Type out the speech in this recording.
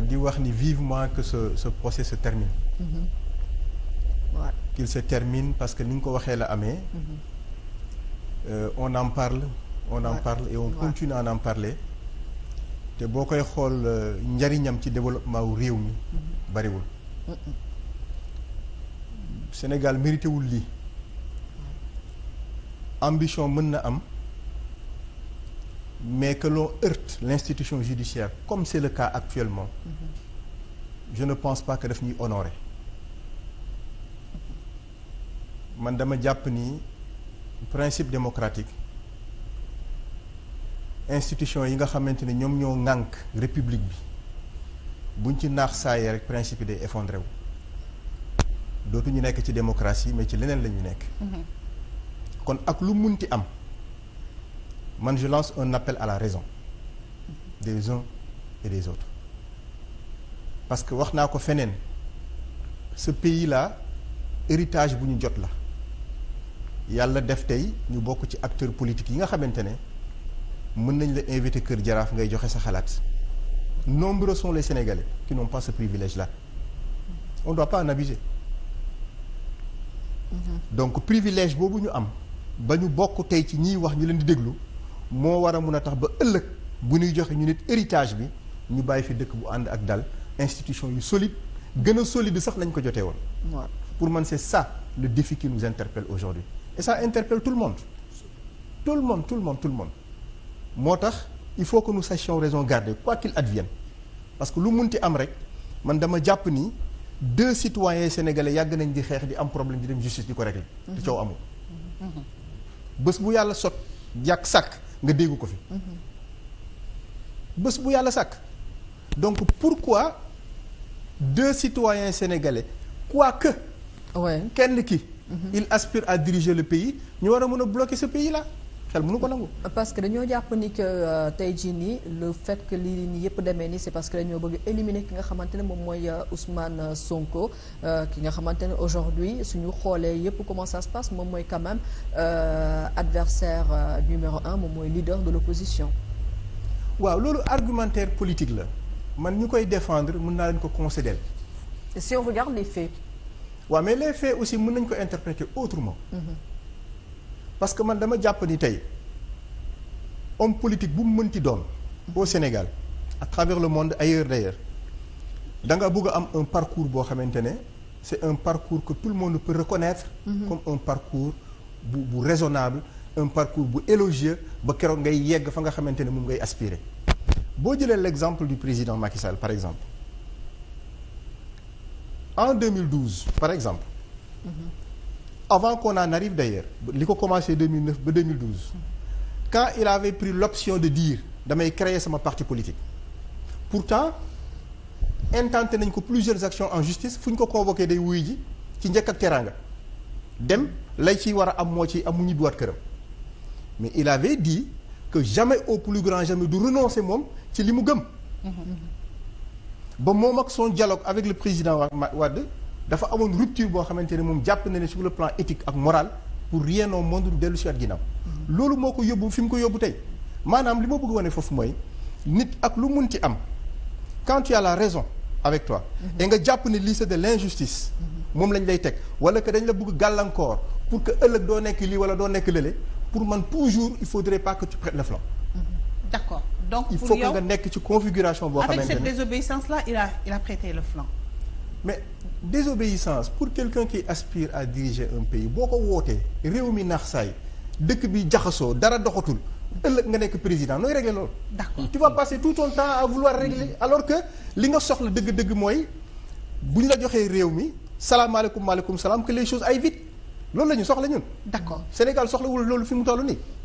di wax ni vivement que ce ce procès se termine. waaw mm-hmm. qu'il se termine parce que ni nga ko waxee la amee. Mm-hmm. Euh, on en parle. on en parle et on continue à en parler. te boo koy xool euh, njariñam ci développement wu réew mi mm-hmm. bariwul. Sénégal mérité wul ambition mën na am. mais que l'on heurte l'institution judiciaire comme c'est le cas actuellement mm -hmm. je ne pense pas que daf ñuy honorer man dama jàpp ni principe démocratique institution yi nga xamante ne ñoom ñoo ŋànk république bi buñ ci naax saayee rek principe yi day effondré wu dootuñu nekk ci démocratie mais ci leneen la nekk mhm. kon ak lu munti am man je un appel à la raison des uns et des autres parce que wax naa ko feneen ce pays la héritage bu ñu jot la yàlla def tey ñu bokk ci acteur politiques yi nga xamante ne mën nañ la invité kër jaraaf ngay joxe sa xalaat nombreux sont les Sénégalais qui n'ont pas ce privilège on ne doit pas en mm-hmm. donc privilège boobu ñu am ba ñu bokk tey ci ñiy wax ñu leen di déglu moo war a mun a tax ba ëllëg bu ñuy joxe ñu nit héritage bi ñu bàyyi fi dëkk bu ànd ak dal institution yu solide gën a solide sax nañ ko jotee woon. pour man se ça le défi qui nous interpelle aujourd'hui et ça interpelle tout le monde tout le monde tout le monde tout le monde moo tax il faut que nous sachions raison garder quoi qu'il advienne parce que lu munti am rek man dama jàpp ni deux citoyens sénégalais yàgg nañ di xeex di am problème di dem justice di ko régler te coow mm-hmm. Mm-hmm. bu yàlla sot yàgg sàkk nga dégg ko fi bés bu yàlla sàkk donc pourquoi deux citoyens sénégalais quoique ouais. kenn ki mm -hmm. il aspire à diriger le pays ñu war a mën a bloquer ce pays là xel mënu ko nangu. parce que dañoo jàpp ni que euh, tey jii nii le fait que lii nii yëpp demee nii c'est parce que dañoo bëgg éliminer ki nga xamante ne moom mooy euh, Ousmane euh, Sonko ki nga xamante ne aujourd'hui suñu xoolee yëpp comment ça se moom mooy quand même euh, adversaire numéro un moom mooy leader de l'opposition. waaw loolu argumentaire politique la man ñu koy défendre mun naa leen ko concéder. si on regarde les faits. waaw mais les faits aussi mën nañu ko interpréter autrement. mm parce que man dama jàpp ni tey homme politique bu mu mënti doon boo Sénégal à travers le monde ailleurs d'ailleurs da nga bëgg am un parcours boo xamante ne c'est un parcours que tout le monde peut reconnaître mm -hmm. comme un parcours bu bu raisonnable un parcours bu élogieux ba keroog ngay yegg fa nga xamante ne moom ngay aspirer boo jëlee l'exemple du président Macky par exemple en 2012 par exemple mhm. avant qu'on en arrive d'ailleurs li ko commencé 2009 ba 2012 quand il avait pris l'option de diir damay créer sama parti politique pourtant intenté nañ ko plusieurs actions en justice fu ñu ko convoqué day wuyu ji ci njëkk ak teraanga dem lay ciy war a am moo ci am mu ñibbiwaat këram mais il avait dit que jamais au plus grand jamais du renoncer moom ci li mu gëm mm-hmm. ba moom ak son dialogue avec le président Wade dafa amoon rupture boo xamante ne moom jàpp na ne sur le plan éthique ak moral pour rien au du dellu si waat ginnaaw loolu moo ko yóbbu fi mu ko yóbbu tey maanaam li ma bëgg wane foofu mooy nit ak lu mun munti am quand tu as raison avec toi mhm. et nga jàpp ne lii c'est de l'injustice mhm. moom lañ lay teg wala que dañ la bugg gàllankoor pour que ëllëg doo nekk lii wala doo nekk lële pour man toujours il faudrait pas que tu prêtes le flanc mhm. d'accord donc pour yow il faut que nekk ci configuration boo xamante ne avec cette désobéissance là il mais désobéissance pour quelqu'un qui aspire à diriger un pays boo ko wootee réew mi naax saay dëkk bi jaxasoo dara doxatul ëllëg nga nekk président nooy régler loolu. d'accord tu vas passer tout ton temps à vouloir régler alors que li nga soxla dëgg-dëgg mooy bu ñu la joxee réew mi salaamaaleykum maaleykum salaam que les choses ay vite loolu la ñu soxla ñun. d'accord Sénégal soxlawul loolu fi mu toll nii.